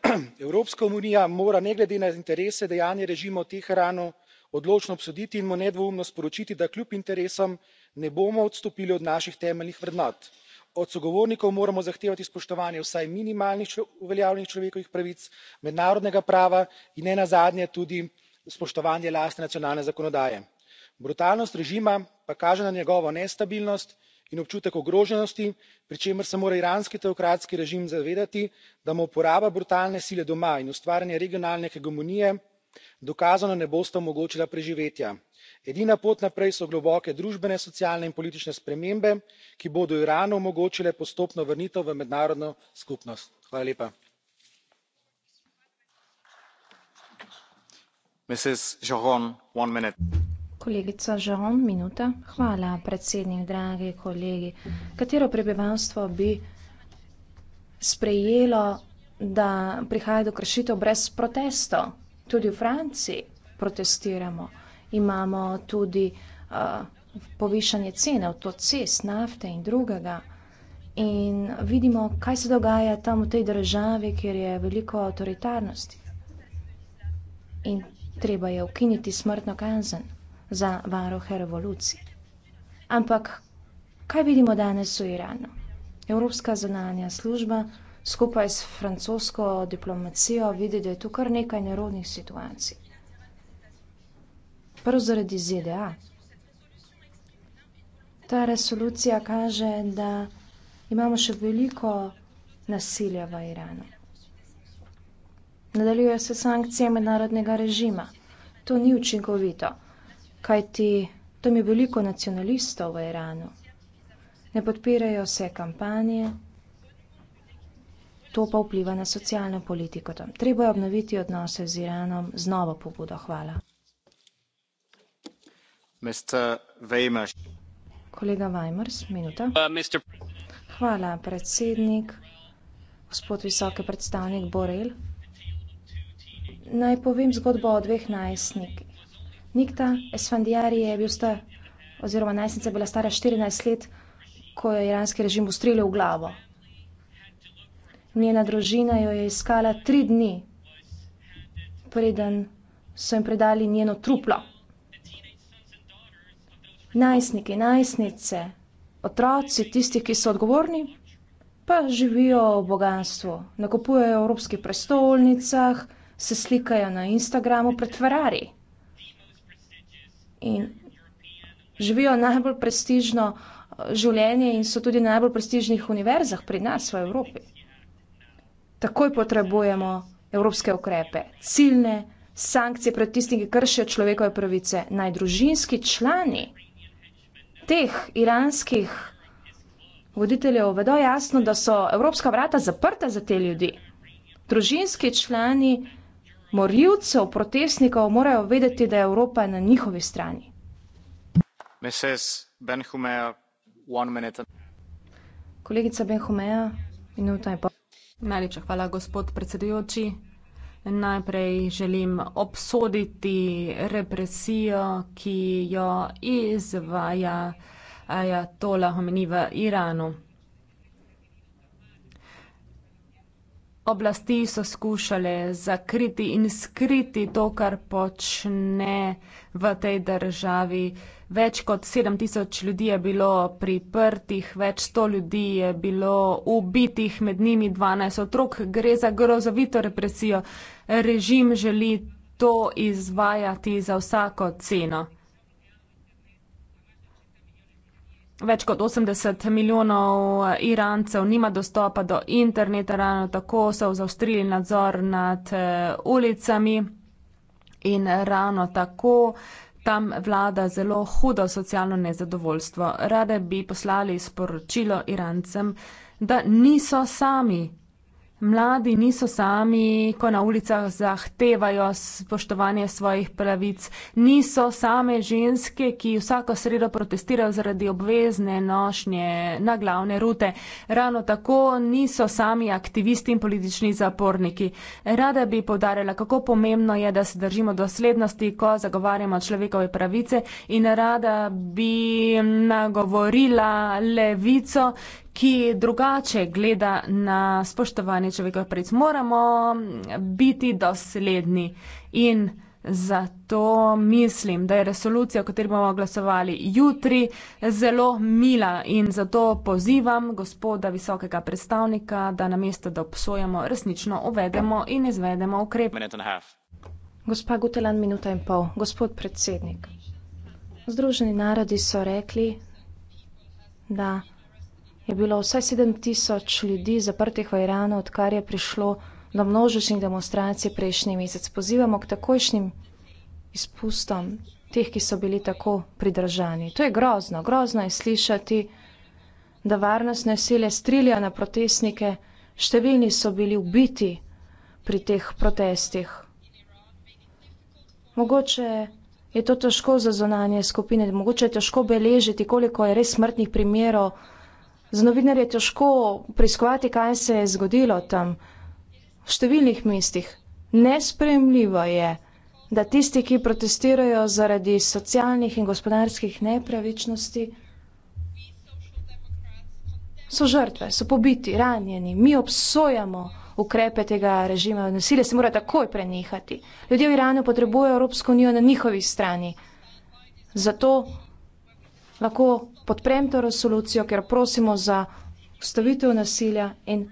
evropska unija mora ne glede na interese dejanja režima v teheranu odločno obsoditi in mu nedvoumno sporočiti da kljub interesom ne bomo odstopili od naših temeljnih vrednot. od sogovornikov moramo zahtevati spoštovanje vsaj minimalnih uveljavljenih človekovih pravic mednarodnega prava in nenazadnje tudi spoštovanje lastne nacionalne zakonodaje. brutalnost režima pa kaže na njegovo nestabilnost in občutek ogroženosti pri čemer se mora iranski teokratski režim zavedati da mu uporaba brutalne sile doma in ustvarjanje regionalne hegemonije dokazano ne bosta omogočila preživetja. edina pot naprej so globoke družbene socialne in politične spremembe ki bodo iranu omogočile postopno vrnitev v mednarodno skupnost. kolegica joon minuta. hvala predsednik dragi kolegi. katero prebivalstvo bi sprejelo da prihaja do kršitev brez protestov? tudi v Franciji protestiramo, imamo tudi uh, povišanje cene avtocest, nafte in drugega. In vidimo, kaj se dogaja tam v tej državi, kjer je veliko avtoritarnosti. In treba je ukiniti smrtno kazen za varohe revolucij. Ampak kaj vidimo danes v Iranu? Evropska zunanja služba skupaj s francosko diplomacijo vidi, da je tu kar nekaj nerodnih situacij. Prvo zaradi ZDA. Ta resolucija kaže, da imamo še veliko nasilja v Iranu. Nadaljujejo se sankcije mednarodnega režima. To ni učinkovito, kajti tam je veliko nacionalistov v Iranu. Ne podpirajo se kampanje, to pa vpliva na socialno politiko. Tam. Treba je obnoviti odnose z Iranom z novo pobudo. Hvala. Kolega Weimers, minuta. Uh, Hvala, predsednik, gospod visoki predstavnik Borel. Naj povem zgodbo o dveh najstnikih. Nikta Esfandiari je bil sta, oziroma najstnica je bila stara 14 let, ko je iranski režim ustrelil v glavo. Njena družina jo je iskala tri dni, preden so jim predali njeno truplo. Najstniki, najstnice, otroci, tisti, ki so odgovorni, pa živijo v bogatstvu. Nakupujejo v evropskih prestolnicah, se slikajo na Instagramu pred Ferrari. In živijo najbolj prestižno eh, življenje in so tudi na najbolj prestižnih univerzah pri nas v Evropi takoj potrebujemo evropske ukrepe, ciljne sankcije pred tistimi, ki kršijo človekove pravice. Naj družinski člani teh iranskih voditeljev vedo jasno, da so evropska vrata zaprta za te ljudi. Družinski člani morilcev, protestnikov morajo vedeti, da je Evropa na njihovi strani. Kolegica Benhumeja, minuta in pol. Najlepša hvala, gospod predsedujoči. Najprej želim obsoditi represijo, ki jo izvaja ajatola Homeni v Iranu. Oblasti so skušale zakriti in skriti to, kar počne v tej državi. Več kot 7000 ljudi je bilo priprtih, več 100 ljudi je bilo ubitih, med njimi 12 otrok. Gre za grozovito represijo. Režim želi to izvajati za vsako ceno. Več kot 80 milijonov eh, Irancev nima dostopa do interneta, ravno tako so zaustrili nadzor nad eh, ulicami in ravno tako tam vlada zelo hudo socialno nezadovoljstvo. Rade bi poslali sporočilo Irancem, da niso sami mladi niso sami, ko na ulicah zahtevajo spoštovanje svojih pravic, niso same ženske, ki vsako sredo protestirajo zaradi obvezne nošnje na glavne rute. Ravno tako niso sami aktivisti in politični zaporniki. Rada bi povdarjala, kako pomembno je, da se držimo doslednosti, ko zagovarjamo človekove pravice in rada bi nagovorila levico, ki drugače gleda na spoštovanje človekovih pravic. Moramo biti dosledni in zato mislim, da je resolucija, o kateri bomo glasovali jutri, zelo mila in zato pozivam gospoda visokega predstavnika, da namesto, da obsojamo, resnično uvedemo in izvedemo ukrep. Gospa Gutelan, minuta in pol. Gospod predsednik. Združeni narodi so rekli, da je bilo vsaj 7000 ljudi zaprtih v Iranu, odkar je prišlo do množičnih demonstracij prejšnji mesec. Pozivamo k takojšnjim izpustom teh, ki so bili tako pridržani. To je grozno. Grozno je slišati, da varnostne sile strilijo na protestnike. Številni so bili ubiti pri teh protestih. Mogoče je to težko za zonanje skupine, mogoče je težko beležiti, koliko je res smrtnih primerov. Za novinarje je težko preiskovati, kaj se je zgodilo tam. V številnih mestih nespremljivo je, da tisti, ki protestirajo zaradi socialnih in gospodarskih nepravičnosti, so žrtve, so pobiti, ranjeni. Mi obsojamo ukrepe tega režima. Nasilje se mora takoj prenehati. Ljudje v Iranu potrebujejo Evropsko unijo na njihovi strani. Zato lahko podprem to resolucijo, ker prosimo za ustavitev nasilja in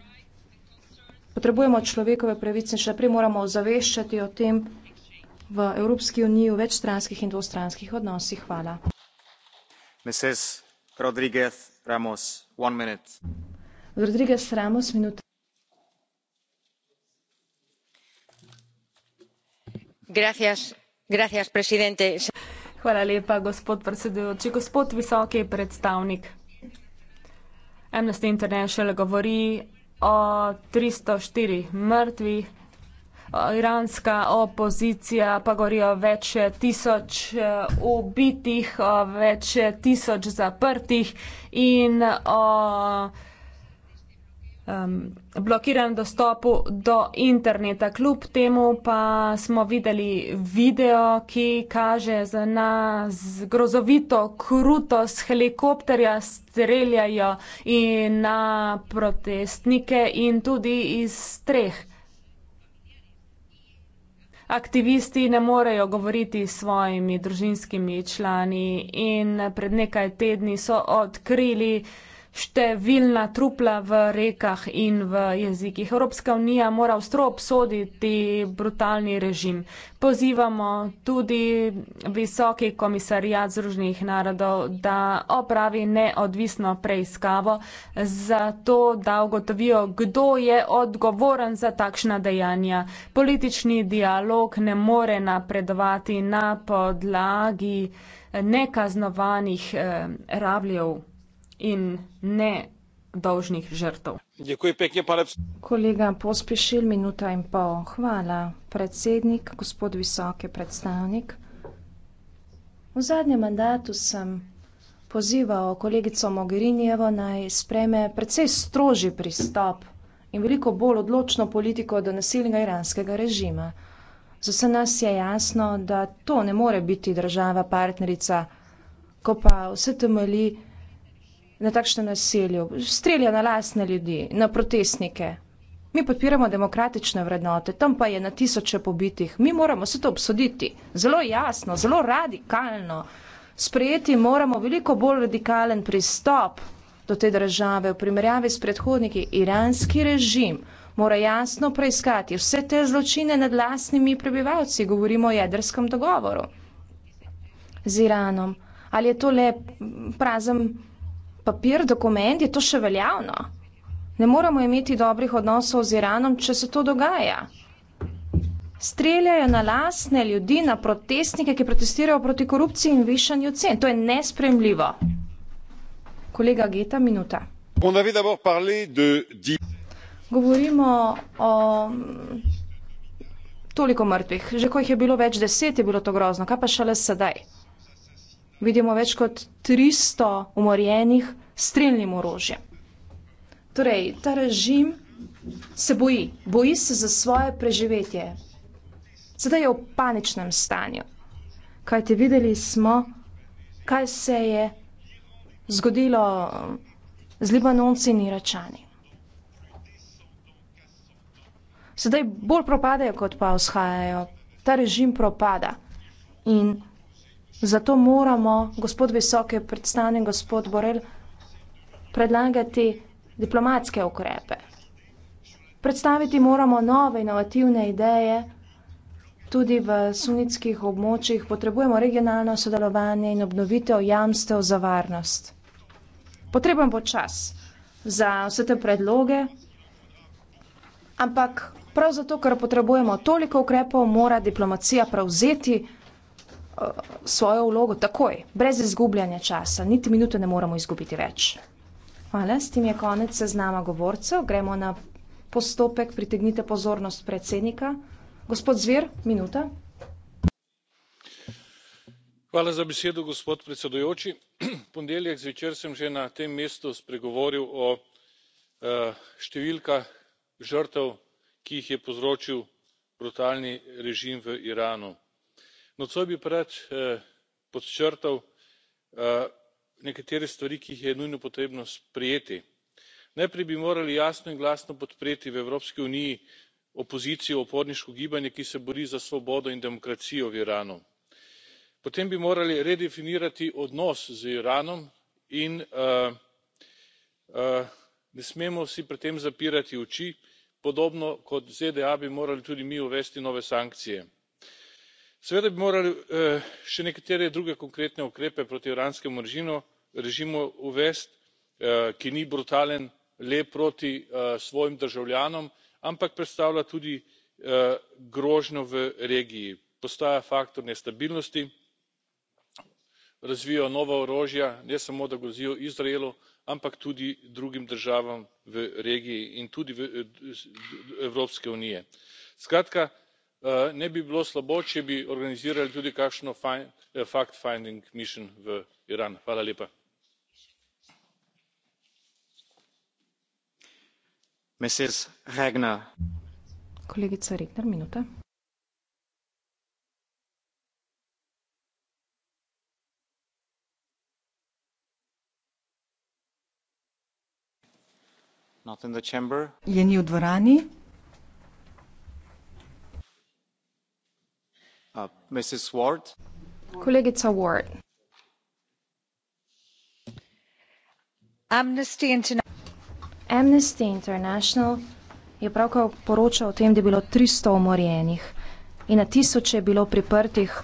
potrebujemo človekove pravice in še naprej moramo ozaveščati o tem v Evropski uniji v večstranskih in dvostranskih odnosih. Hvala. Mrs. Rodriguez Ramos, one minute. Rodriguez Ramos, minuta. Gracias, gracias, presidente. Hvala lepa, gospod predsedujoči. Gospod visoki predstavnik. Amnesty International govori o 304 mrtvih, iranska opozicija pa govori o več tisoč e, ubitih, o več tisoč zaprtih in o um, blokiran dostopu do interneta. Kljub temu pa smo videli video, ki kaže za nas grozovito krutost helikopterja streljajo in na protestnike in tudi iz streh. Aktivisti ne morejo govoriti s svojimi družinskimi člani in pred nekaj tedni so odkrili, številna trupla v rekah in v jezikih. Evropska unija mora ostro obsoditi brutalni režim. Pozivamo tudi visoki komisarijat Združenih narodov, da opravi neodvisno preiskavo za to, da ugotovijo, kdo je odgovoren za takšna dejanja. Politični dialog ne more napredovati na podlagi nekaznovanih eh, rabljev in ne dolžnih žrtov. Pekne, Kolega pospešil, minuta in pol. Hvala, predsednik, gospod visoki predstavnik. V zadnjem mandatu sem pozival kolegico Mogherinijevo naj spreme precej stroži pristop in veliko bolj odločno politiko do nasilnega iranskega režima. Za vse nas je jasno, da to ne more biti država partnerica, ko pa vse temelji na takšno nasilje, strelja na lasne ljudi, na protestnike. Mi podpiramo demokratične vrednote, tam pa je na tisoče pobitih. Mi moramo vse to obsoditi zelo jasno, zelo radikalno. Sprejeti moramo veliko bolj radikalen pristop do te države v primerjavi s predhodniki. Iranski režim mora jasno preiskati vse te zločine nad lasnimi prebivalci, govorimo o jedrskem dogovoru z Iranom. Ali je to le prazen? papir, dokument, je to še veljavno. Ne moremo imeti dobrih odnosov z Iranom, če se to dogaja. Streljajo na lasne ljudi, na protestnike, ki protestirajo proti korupciji in višanju cen. To je nespremljivo. Kolega Geta, minuta. Govorimo o mm, toliko mrtvih. Že ko jih je bilo več deset, je bilo to grozno. Kaj pa šele sedaj? vidimo več kot 300 umorjenih streljnim orožjem. Torej, ta režim se boji, boji se za svoje preživetje. Sedaj je v paničnem stanju. Kaj ti videli smo, kaj se je zgodilo z Libanonci in Iračani. Sedaj bolj propadajo, kot pa vzhajajo. Ta režim propada in Zato moramo, gospod visoke predstavnik, gospod Borel, predlagati diplomatske ukrepe. Predstaviti moramo nove inovativne ideje, tudi v sunitskih območjih potrebujemo regionalno sodelovanje in obnovitev jamstev za varnost. Potreben bo čas za vse te predloge, ampak prav zato, ker potrebujemo toliko ukrepov, mora diplomacija prevzeti svojo vlogo takoj, brez izgubljanja časa, niti minute ne moramo izgubiti več. Hvala, s tem je konec seznama govorcev. Gremo na postopek, pritegnite pozornost predsednika. Gospod Zvir, minuta. Hvala za besedo, gospod predsedujoči. Ponedeljek zvečer sem že na tem mestu spregovoril o eh, številkah žrtev, ki jih je povzročil brutalni režim v Iranu nocoj bi pa rad eh, podčrtal eh, nekatere stvari ki jih je nujno potrebno sprejeti. najprej bi morali jasno in glasno podpreti v evropski uniji opozicijo uporniško gibanje ki se bori za svobodo in demokracijo v iranu. potem bi morali redefinirati odnos z iranom in eh, ne smemo si pri tem zapirati oči podobno kot zda bi morali tudi mi uvesti nove sankcije seveda bi morali eh, še nekatere druge konkretne ukrepe proti iranskemu režimu uvesti eh, ki ni brutalen le proti eh, svojim državljanom ampak predstavlja tudi grožnjo v regiji postaja faktor nestabilnosti razvija nova orožja ne samo da grozijo izraelu ampak tudi drugim državam v regiji in tudi evropske unije. skratka Eh, ne bi bilo slabo če bi organizirali tudi kakšno eh, fact finding mission v iran. je ni v dvorani Uh, kolegica ward amnesty international je pravkar poročal o tem da je bilo tristo umorjenih in na tisoče je bilo priprtih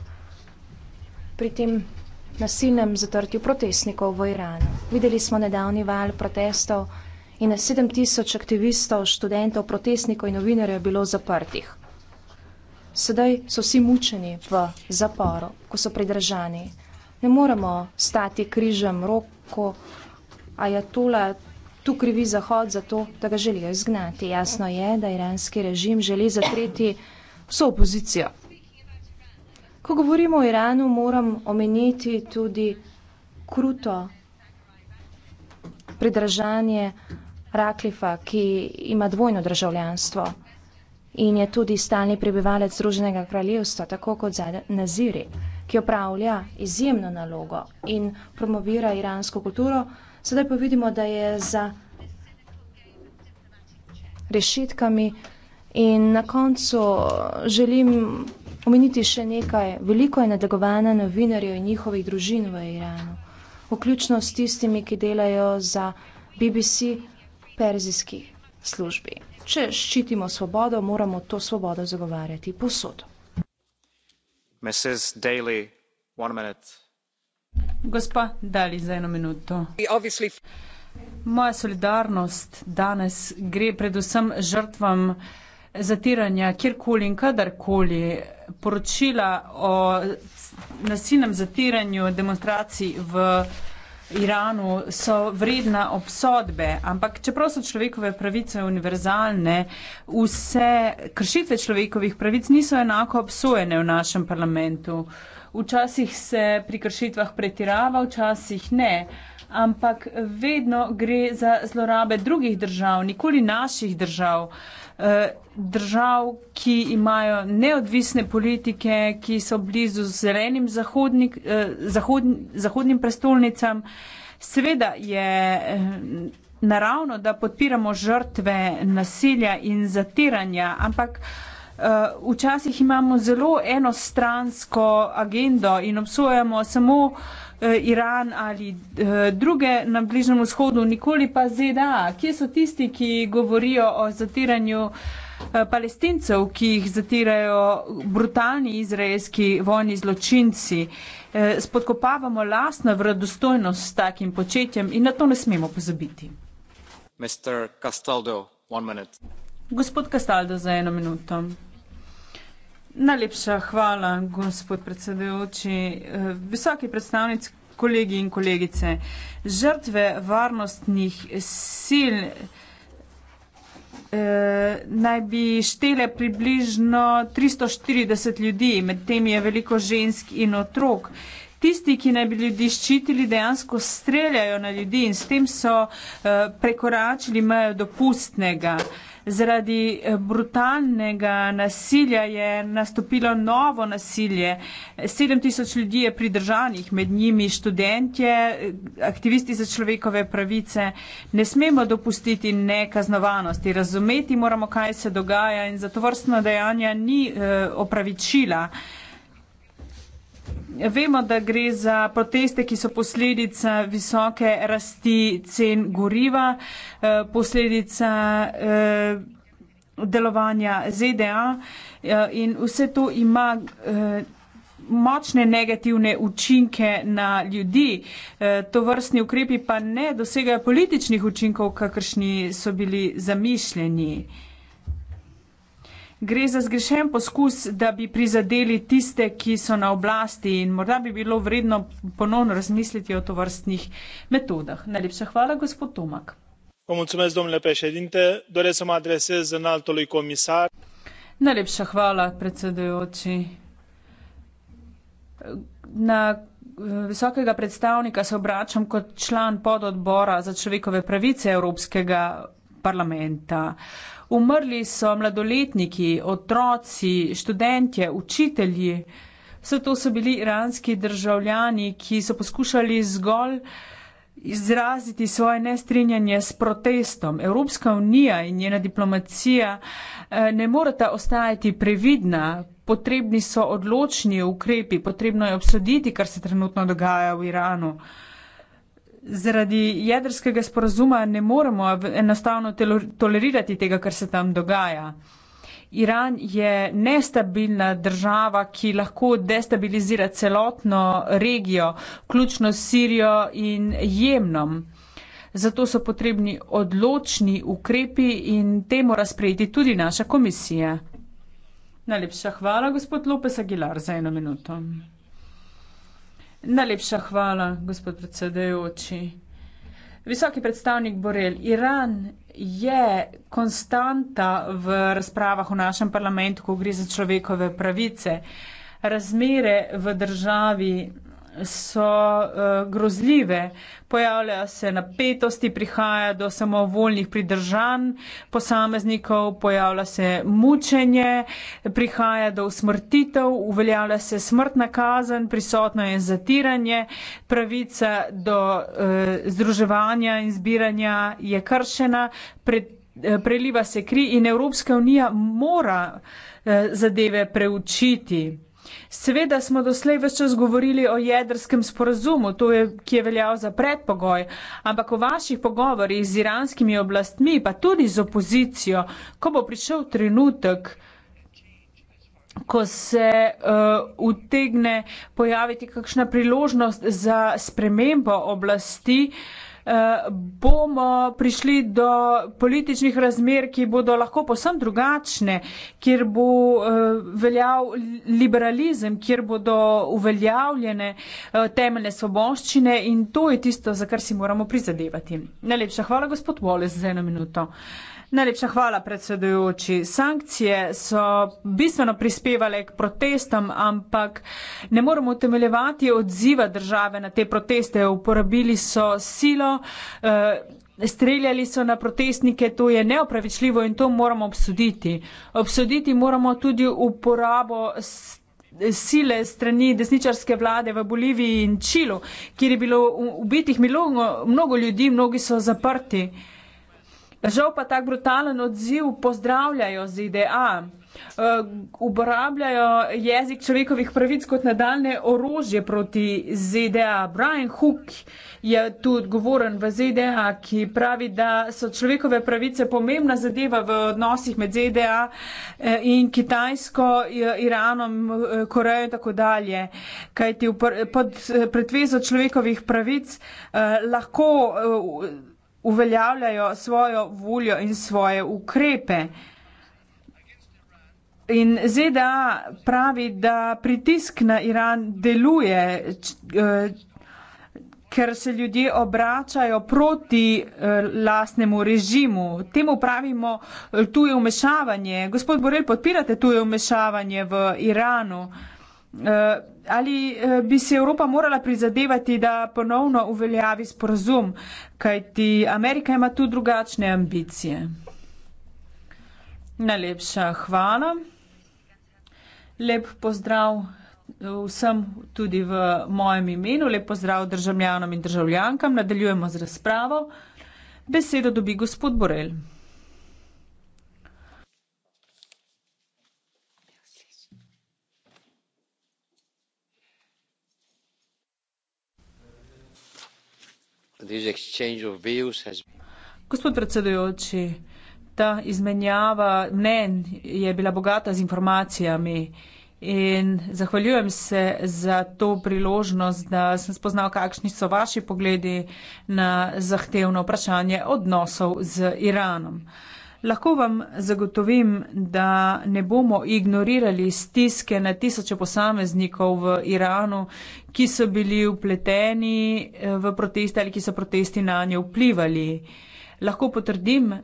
pri tem nasilnem zatrtju protestnikov v iranu videli smo nedavni val protestov in na sedem tisoč aktivistov študentov protestnikov in novinarjev je bilo zaprtih sedaj so vsi mučeni v zaporu, ko so pridržani. Ne moremo stati križem roko, a je tole tu krivi Zahod za to, da ga želijo izgnati. Jasno je, da iranski režim želi zatreti vso opozicijo. Ko govorimo o Iranu, moram omeniti tudi kruto pridržanje Raklifa, ki ima dvojno državljanstvo in je tudi stalni prebivalec Združenega kraljevstva, tako kot Zad Naziri, ki opravlja izjemno nalogo in promovira iransko kulturo. Sedaj pa vidimo, da je za rešitkami in na koncu eh, želim omeniti še nekaj. Veliko je nadegovana novinarjev in njihovih družin v Iranu, vključno s tistimi, ki delajo za BBC perzijski službi če ščitimo svobodo, moramo to svobodo zagovarjati posod. Gospa Dali, za eno minuto. Moja solidarnost danes gre predvsem žrtvam zatiranja kjerkoli in kadarkoli. Poročila o nasilnem zatiranju demonstracij v Sloveniji Iranu so vredna obsodbe, ampak čeprav so človekove pravice univerzalne, vse kršitve človekovih pravic niso enako obsojene v našem parlamentu. Uh, Včasih se pri kršitvah pretirava, včasih ne. Ampak vedno gre za zlorabe drugih držav, nikoli naših držav. Eh, držav, ki imajo neodvisne politike, ki so blizu zelenim zahodnik, eh, zahodn, zahodnim prestolnicam. Seveda je eh, naravno, da podpiramo žrtve nasilja in zatiranja, ampak. Eh, včasih imamo zelo enostransko agendo in obsojamo samo eh, Iran ali eh, druge na Bližnjem vzhodu, nikoli pa ZDA. Kje so tisti, ki govorijo o zatiranju palestincev, ki jih zatirajo brutalni izraelski vojni zločinci? Spodkopavamo lastno vredostojnost s takim početjem in na to ne smemo pozabiti. Gospod Castaldo, za eno minuto. Najlepša hvala, gospod predsedujoči. Eh, visoki predstavnic, kolegi in kolegice, žrtve varnostnih sil eh, naj bi štele približno 340 ljudi, med tem je veliko žensk in otrok. Tisti, ki naj bi ljudi ščitili, dejansko streljajo na ljudi in s tem so eh, prekoračili mejo dopustnega. Zaradi eh, brutalnega nasilja je nastopilo novo nasilje. 7000 ljudi je pridržanih, med njimi študentje, eh, aktivisti za človekove pravice. Ne smemo dopustiti nekaznovanosti, razumeti moramo, kaj se dogaja in za to vrstno dejanje ni eh, opravičila. Vemo, da gre za proteste, ki so posledica visoke rasti cen goriva, eh, posledica eh, delovanja ZDA eh, in vse to ima močne negativne učinke na ljudi. To vrstni ukrepi pa ne dosegajo političnih učinkov, kakršni so bili zamišljeni. Gre za zgrešen poskus, da bi prizadeli tiste, ki so na oblasti in morda bi bilo vredno ponovno razmisliti o tovrstnih metodah. Najlepša hvala, gospod Tomak. Najlepša hvala, predsedujoči. Na eh, visokega predstavnika se obračam kot član pododbora za človekove pravice Evropskega parlamenta. Uh, Umrli so mladoletniki, otroci, študentje, učitelji. Vse to so bili iranski državljani, ki so poskušali zgolj izraziti svoje nestrinjanje s protestom. Evropska unija in njena diplomacija eh, ne morata ostajati previdna, potrebni so odločni ukrepi, potrebno je obsoditi, kar se trenutno dogaja v Iranu zaradi jedrskega sporazuma ne moremo enostavno tolerirati tega, kar se tam dogaja. Iran je nestabilna država, ki lahko destabilizira celotno regijo, vključno s Sirijo in Jemnom. Zato so potrebni odločni ukrepi in te mora sprejeti tudi naša komisija. Najlepša hvala, gospod Lopes Aguilar, za eno minuto. Najlepša hvala, gospod predsedajoči. Visoki predstavnik Borel, Iran je konstanta v razpravah v našem parlamentu, ko gre za človekove pravice. Razmere v državi so uh, grozljive. Pojavljajo se napetosti, prihaja do samovoljnih pridržan posameznikov, pojavlja se mučenje, prihaja do usmrtitev, uveljavlja se smrtna kazen, prisotno je zatiranje, pravica do uh, združevanja in zbiranja je kršena, pre, uh, preliva se kri in Evropska unija mora uh, zadeve preučiti. Seveda smo doslej vse čas govorili o jedrskem sporazumu, je, ki je veljal za predpogoj, ampak o vaših pogovorih z iranskimi oblastmi, pa tudi z opozicijo, ko bo prišel trenutek, ko se uh, utegne pojaviti kakšna priložnost za spremembo oblasti. Uh, bomo prišli do političnih razmer, ki bodo lahko posem drugačne, kjer bo eh, veljal liberalizem, kjer bodo uveljavljene eh, temeljne svoboščine in to je tisto, za kar si moramo prizadevati. Najlepša hvala, gospod Wallace, za eno minuto. Najlepša hvala, predsedujoči. Sankcije so bistveno prispevale k protestom, ampak ne moramo utemeljevati odziva države na te proteste. Uporabili so silo, eh, streljali so na protestnike, to je neopravičljivo in to moramo obsoditi. Obsoditi moramo tudi uporabo sile strani desničarske vlade v Boliviji in Čilu, kjer je bilo ubitih mnogo ljudi, mnogi so zaprti. Žal pa tak brutalen odziv pozdravljajo ZDA. Eh, uporabljajo jezik človekovih pravic kot nadaljne orožje proti ZDA. Brian Hook je tu odgovoren v ZDA, ki pravi, da so človekove pravice pomembna zadeva v odnosih med ZDA eh, in Kitajsko, eh, Iranom, Korejo in tako dalje. Kajti pod pretvezo človekovih pravic lahko uveljavljajo svojo voljo in svoje ukrepe. In ZDA pravi, da pritisk na Iran deluje, eh, ker se ljudje obračajo proti eh, lastnemu režimu. Temu pravimo eh, tuje umešavanje. Gospod Borel, podpirate tuje umešavanje v Iranu? Eh, ali eh, bi se Evropa morala prizadevati, da ponovno uveljavi sporazum, kajti Amerika ima tu drugačne ambicije. Najlepša hvala. Lep pozdrav eh, vsem tudi v mojem imenu. Lep pozdrav državljanom in državljankam. Nadaljujemo z razpravo. Besedo dobi gospod Borel. Gospod predsedujoči, ta izmenjava mnenj je bila bogata z informacijami in zahvaljujem se za to priložnost, da sem spoznal, kakšni so vaši pogledi na zahtevno vprašanje odnosov z Iranom. Lahko vam zagotovim, da ne bomo ignorirali stiske na tisoče posameznikov v Iranu, ki so bili vpleteni eh, v proteste ali ki so protesti na nje vplivali. Lahko potrdim,